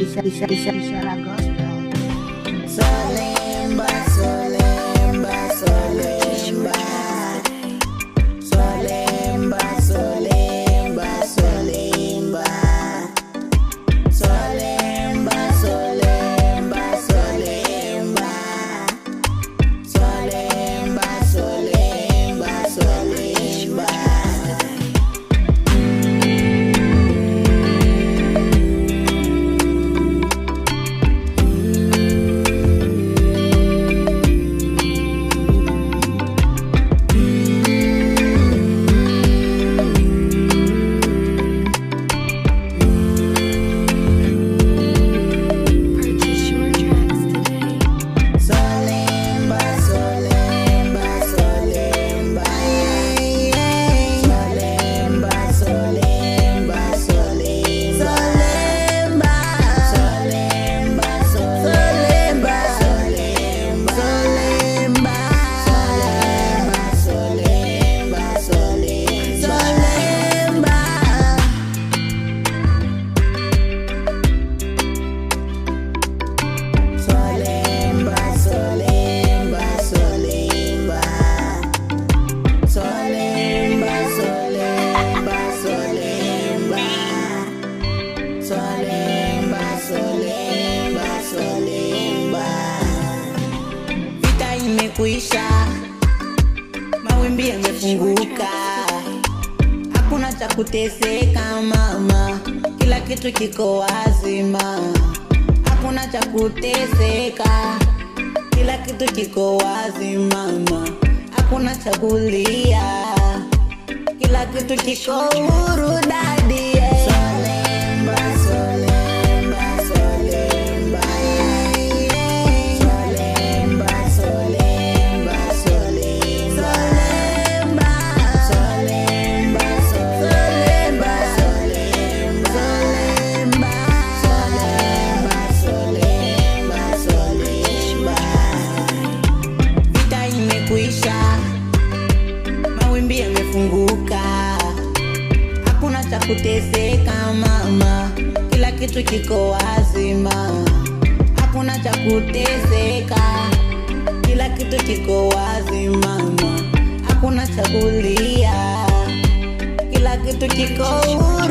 bisa bisa bisa bisa lagu kuisha, mawimbi yamefunguka, hakuna cha kuteseka mama, kila kitu kiko wazima, hakuna cha kuteseka, kila kitu kiko wazima mama, hakuna cha kulia, kila kitu kiko huru kuteseka mama, kila kitu kiko wazima, hakuna cha kuteseka, kila kitu kiko wazima mama, hakuna cha kulia, kila kitu kiko huru.